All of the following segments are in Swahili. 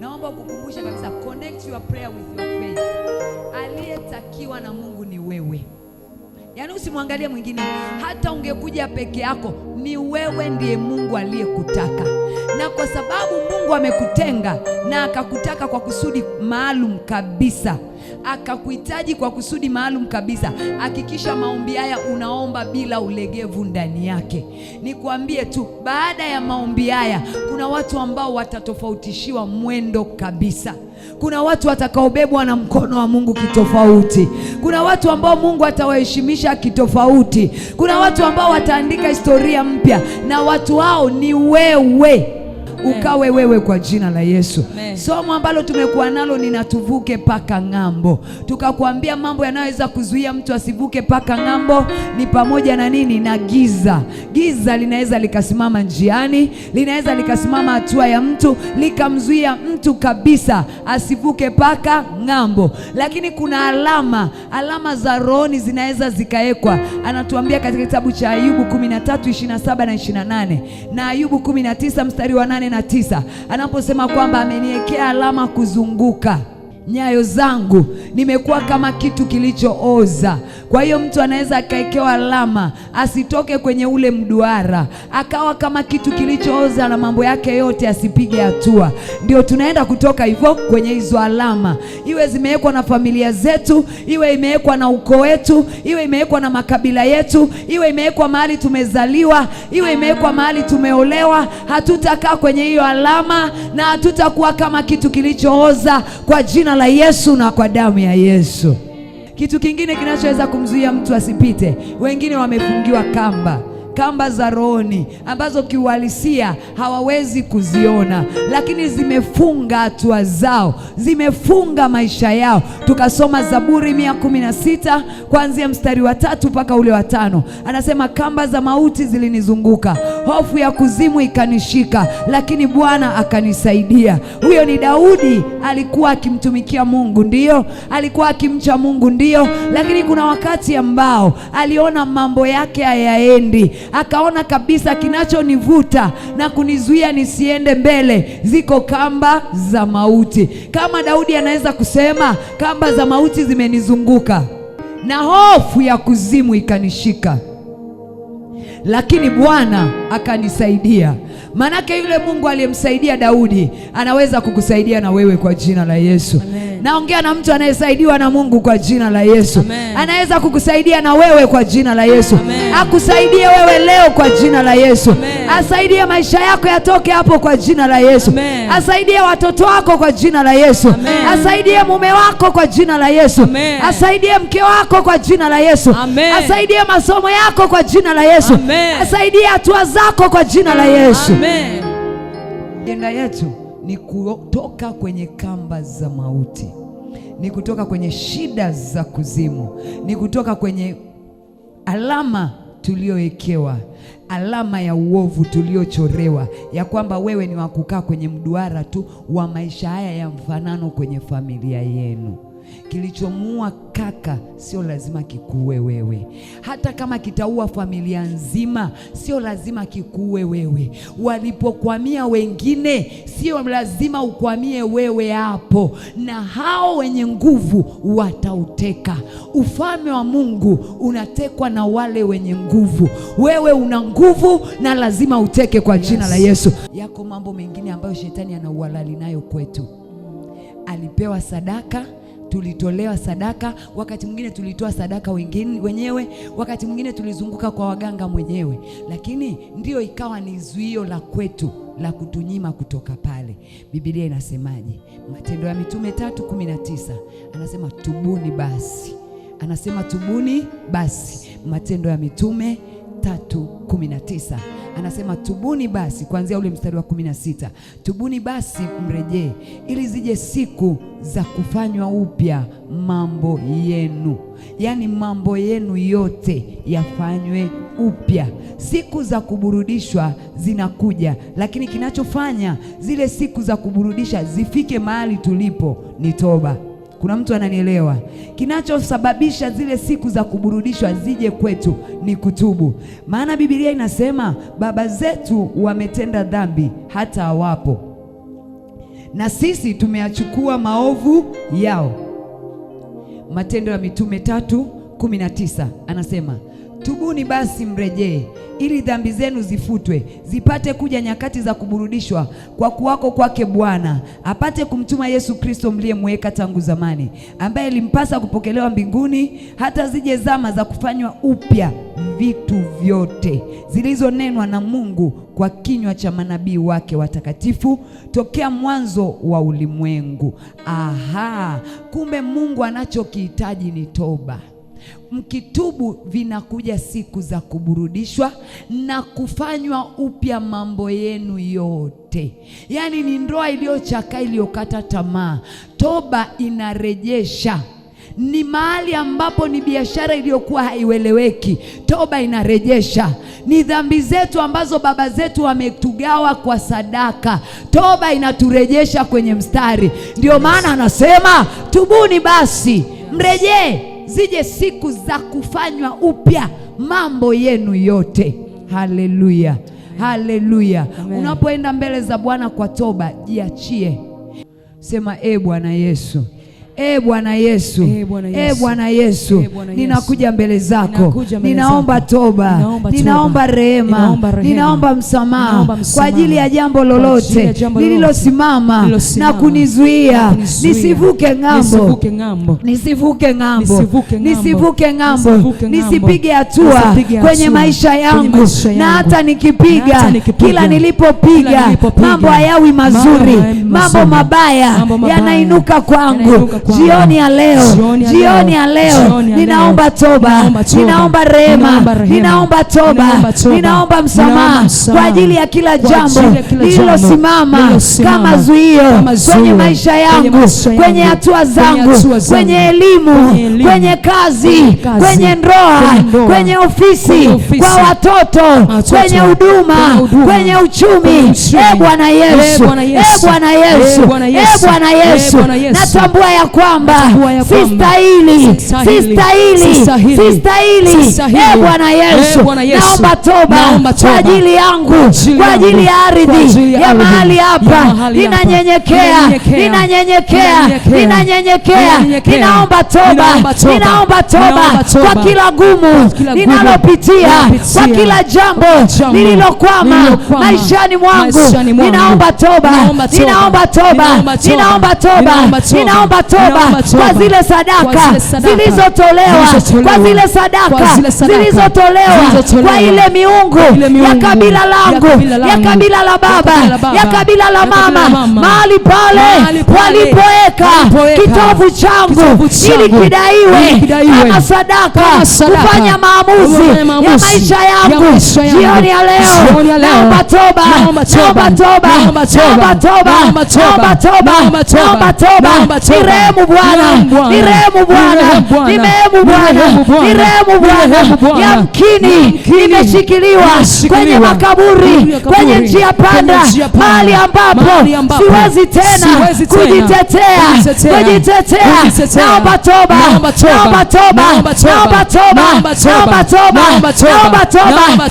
Naomba ukukumbusha kabisa, connect your prayer with your faith. Aliyetakiwa na Mungu ni wewe, yaani usimwangalie mwingine. Hata ungekuja peke yako, ni wewe ndiye Mungu aliyekutaka, na kwa sababu Mungu amekutenga na akakutaka kwa kusudi maalum kabisa akakuhitaji kwa kusudi maalum kabisa. Hakikisha maombi haya unaomba bila ulegevu ndani yake. nikuambie tu, baada ya maombi haya kuna watu ambao watatofautishiwa mwendo kabisa. Kuna watu watakaobebwa na mkono wa Mungu kitofauti. Kuna watu ambao Mungu atawaheshimisha kitofauti. Kuna watu ambao wataandika historia mpya, na watu hao ni wewe ukawe wewe kwa jina la Yesu. Somo ambalo tumekuwa nalo ni natuvuke paka mpaka ng'ambo. Tukakwambia mambo yanayoweza kuzuia mtu asivuke mpaka ng'ambo ni pamoja na nini? Na giza. Giza linaweza likasimama njiani, linaweza likasimama hatua ya mtu, likamzuia mtu kabisa asivuke paka ng'ambo. Lakini kuna alama, alama za rohoni zinaweza zikawekwa. Anatuambia katika kitabu cha Ayubu 13 na 28 na Ayubu 19 mstari wa nane na tisa anaposema kwamba ameniwekea alama kuzunguka nyayo zangu, nimekuwa kama kitu kilichooza. Kwa hiyo mtu anaweza akaekewa alama asitoke kwenye ule mduara, akawa kama kitu kilichooza na mambo yake yote asipige hatua. Ndio tunaenda kutoka hivyo kwenye hizo alama, iwe zimewekwa na familia zetu, iwe imewekwa na ukoo wetu, iwe imewekwa na makabila yetu, iwe imewekwa mahali tumezaliwa, iwe imewekwa mahali tumeolewa. Hatutakaa kwenye hiyo alama na hatutakuwa kama kitu kilichooza, kwa jina la Yesu na kwa damu ya Yesu. Kitu kingine kinachoweza kumzuia mtu asipite, wengine wamefungiwa kamba kamba za rohoni ambazo kiuhalisia hawawezi kuziona, lakini zimefunga hatua zao, zimefunga maisha yao. Tukasoma Zaburi mia kumi na sita kuanzia mstari wa tatu mpaka ule wa tano. Anasema kamba za mauti zilinizunguka, hofu ya kuzimu ikanishika, lakini Bwana akanisaidia. Huyo ni Daudi, alikuwa akimtumikia Mungu, ndiyo alikuwa akimcha Mungu, ndiyo, lakini kuna wakati ambao aliona mambo yake hayaendi akaona kabisa mm. kinachonivuta na kunizuia nisiende mbele ziko kamba za mauti. Kama Daudi anaweza kusema kamba za mauti zimenizunguka na hofu ya kuzimu ikanishika, lakini Bwana akanisaidia. Manake yule Mungu aliyemsaidia Daudi anaweza kukusaidia na wewe kwa jina la Yesu. Naongea na mtu anayesaidiwa na Mungu kwa jina la Yesu. Amen. Anaweza kukusaidia na wewe kwa jina la Yesu. Amen. Akusaidie wewe leo kwa jina la Yesu. Amen. Asaidie maisha yako yatoke hapo kwa jina la Yesu. Amen. Asaidie watoto wako kwa jina la Yesu. Amen. Asaidie mume wako kwa jina la Yesu. Amen. Asaidie mke wako kwa jina la Yesu. Amen. Asaidie masomo yako kwa jina la Yesu. Amen. Asaidie hatua zako kwa jina la Yesu. Yesu. Amen. yetu ni kutoka kwenye kamba za mauti, ni kutoka kwenye shida za kuzimu, ni kutoka kwenye alama tuliowekewa alama ya uovu tuliochorewa, ya kwamba wewe ni wa kukaa kwenye mduara tu wa maisha haya ya mfanano kwenye familia yenu kilichomua kaka sio lazima kikuue wewe. Hata kama kitaua familia nzima, sio lazima kikuue wewe. Walipokwamia wengine, sio lazima ukwamie wewe hapo, na hao wenye nguvu watauteka. Ufalme wa Mungu unatekwa na wale wenye nguvu. Wewe una nguvu na lazima uteke kwa jina yes, la Yesu. Yako mambo mengine ambayo shetani anaualali nayo kwetu. Alipewa sadaka tulitolewa sadaka, wakati mwingine tulitoa sadaka wengine wenyewe, wakati mwingine tulizunguka kwa waganga mwenyewe, lakini ndiyo ikawa ni zuio la kwetu la kutunyima kutoka pale. Biblia inasemaje? Matendo ya Mitume tatu kumi na tisa anasema tubuni basi, anasema tubuni basi. Matendo ya Mitume tatu kumi na tisa anasema tubuni basi, kuanzia ule mstari wa kumi na sita tubuni basi mrejee, ili zije siku za kufanywa upya mambo yenu, yaani mambo yenu yote yafanywe upya. Siku za kuburudishwa zinakuja, lakini kinachofanya zile siku za kuburudisha zifike mahali tulipo ni toba. Kuna mtu ananielewa? Kinachosababisha zile siku za kuburudishwa zije kwetu ni kutubu, maana Biblia inasema baba zetu wametenda dhambi hata hawapo, na sisi tumeyachukua maovu yao. Matendo ya Mitume tatu kumi na tisa anasema Tubuni basi mrejee, ili dhambi zenu zifutwe, zipate kuja nyakati za kuburudishwa kwa kuwako kwake Bwana, apate kumtuma Yesu Kristo mliyemweka tangu zamani, ambaye limpasa kupokelewa mbinguni hata zije zama za kufanywa upya vitu vyote, zilizonenwa na Mungu kwa kinywa cha manabii wake watakatifu tokea mwanzo wa ulimwengu. Aha, kumbe Mungu anachokihitaji ni toba. Mkitubu vinakuja siku za kuburudishwa na kufanywa upya mambo yenu yote. Yaani ni ndoa iliyochakaa iliyokata tamaa. Toba inarejesha ni mahali ambapo ni biashara iliyokuwa haieleweki. Toba inarejesha ni dhambi zetu ambazo baba zetu wametugawa kwa sadaka. Toba inaturejesha kwenye mstari. Ndio maana anasema tubuni basi, mrejee zije siku za kufanywa upya mambo yenu yote. Haleluya, haleluya. Unapoenda mbele za Bwana kwa toba, jiachie, sema e Bwana Yesu E Bwana Yesu, e Bwana Yesu, ninakuja mbele zako, ninaomba toba, ninaomba rehema, ninaomba msamaha kwa ajili ya jambo lolote lililosimama na kunizuia nisivuke ng'ambo, nisivuke ng'ambo, nisivuke ng'ambo, nisipige hatua kwenye maisha yangu, na hata nikipiga, kila nilipopiga mambo hayawi mazuri, mambo mabaya yanainuka kwangu jioni ya leo, jioni ya leo ninaomba toba, ninaomba rehema, ninaomba toba, ninaomba msamaha kwa ajili ya kila jambo lililosimama kama zuio kwenye maisha yangu, kwenye hatua zangu, kwenye elimu, kwenye kazi, kwenye ndoa, kwenye ofisi, kwa watoto, kwenye huduma, kwenye uchumi. E Bwana Yesu, e Bwana Yesu, e Bwana Yesu, natambua ya kwamba si stahili, si stahili, si stahili. E Bwana Yesu, naomba toba kwa ajili yangu, kwa ajili ya ardhi ya mahali hapa. Ninanyenyekea, ninanyenyekea, ninanyenyekea, ninaomba toba, ninaomba toba kwa kila gumu ninalopitia, kwa kila jambo lililokwama maishani mwangu. Ninaomba toba, ninaomba toba, ninaomba toba, ninaomba toba Baba kwa zile sadaka zilizotolewa, kwa zile sadaka zilizotolewa kwa ile miungu ya kabila langu, ya kabila la baba, ya kabila la mama, mahali pale walipoweka kitovu changu ili kidaiwe kama sadaka, kufanya maamuzi ya maisha yangu jioni ya leo. Naomba toba, naomba toba, naomba toba, naomba toba, naomba toba, ni rehema rehemu Bwana, ni rehemu Bwana, ni rehemu Bwana, ni rehemu Bwana. Yamkini nimeshikiliwa kwenye makaburi, kwenye njia panda, mahali ambapo siwezi tena kujitetea, kujitetea. Naomba toba, naomba toba, naomba toba, naomba toba, naomba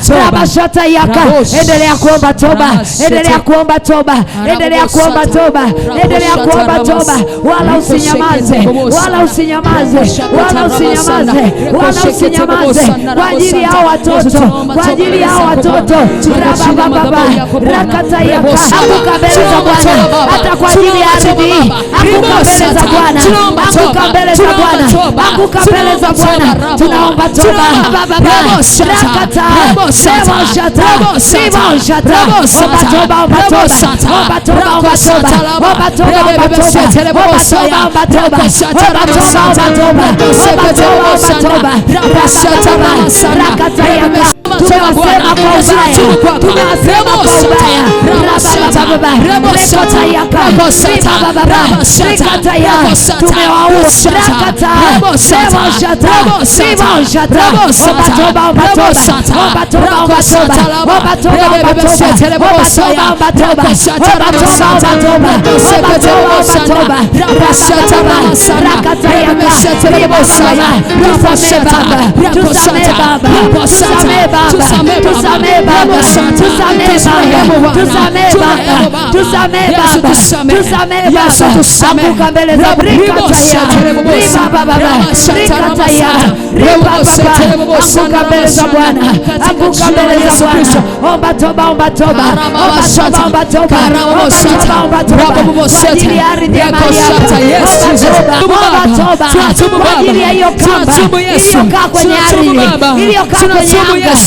toba. Rabashata yaka, endelea kuomba toba, endelea kuomba toba, endelea kuomba toba, endelea kuomba toba, wala usi usinyamaze, wala usinyamaze, wala usinyamaze, wala usinyamaze kwa ajili ya watoto, kwa ajili ya watoto rabababa rakatayaka akuka mbele za Bwana, hata kwa ajili ya ardhi hii akuka mbele za Bwana, akuka mbele za Bwana, akuka mbele za Bwana, tunaomba toba rakata toba Rabatoba, Rabatoba, Rabatoba, Rabatoba, Rabatoba, Rabatoba, tunasema kwa ubaya, tunasema kwa ubaya. Tumewausha, tusamehe Baba, tusamehe Baba tusamee Baba, Baba, kwa ajili ya hiyo kamba iliyokaa kwenye ardhi, iliyokaa kwenye anga, iliyokaa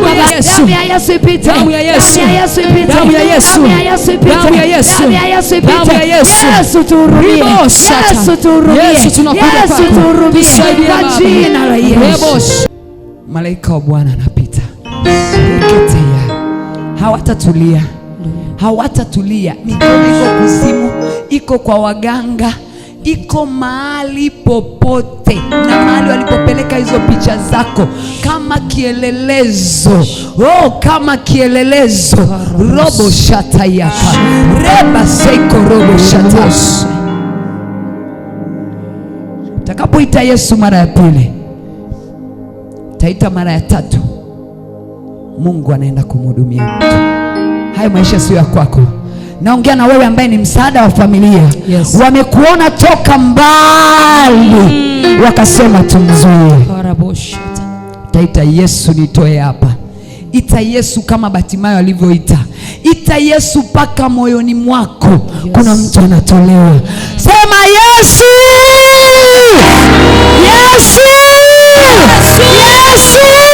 kwenye ardhi. Damu ya Yesu ipite, damu ya Yesu ipite, damu ya Yesu ipite, damu ya Yesu ipite, damu ya Yesu. Yesu tuhurumie, Yesu tuhurumie, Yesu tunakuja kwa jina la Yesu. Malaika wa Bwana anapita, hawatatulia, hawatatulia, ni kuliko kuzimu iko kwa waganga, iko mahali popote na mahali walipopeleka hizo picha zako kama kielelezo. Oh, kama kielelezo. robo shata yaka reba seko robo shata. Utakapoita Yesu mara ya pili, taita mara ya tatu, Mungu anaenda kumhudumia mtu. Haya maisha sio ya kwako. Naongea na wewe ambaye ni msaada wa familia yes. Wamekuona toka mbali mm. Wakasema tumzuie. Taita Yesu nitoe hapa. Ita Yesu kama Batimayo alivyoita. Ita Yesu mpaka moyoni mwako yes. Kuna mtu anatolewa, sema Yesu, Yesu, Yesu, Yesu.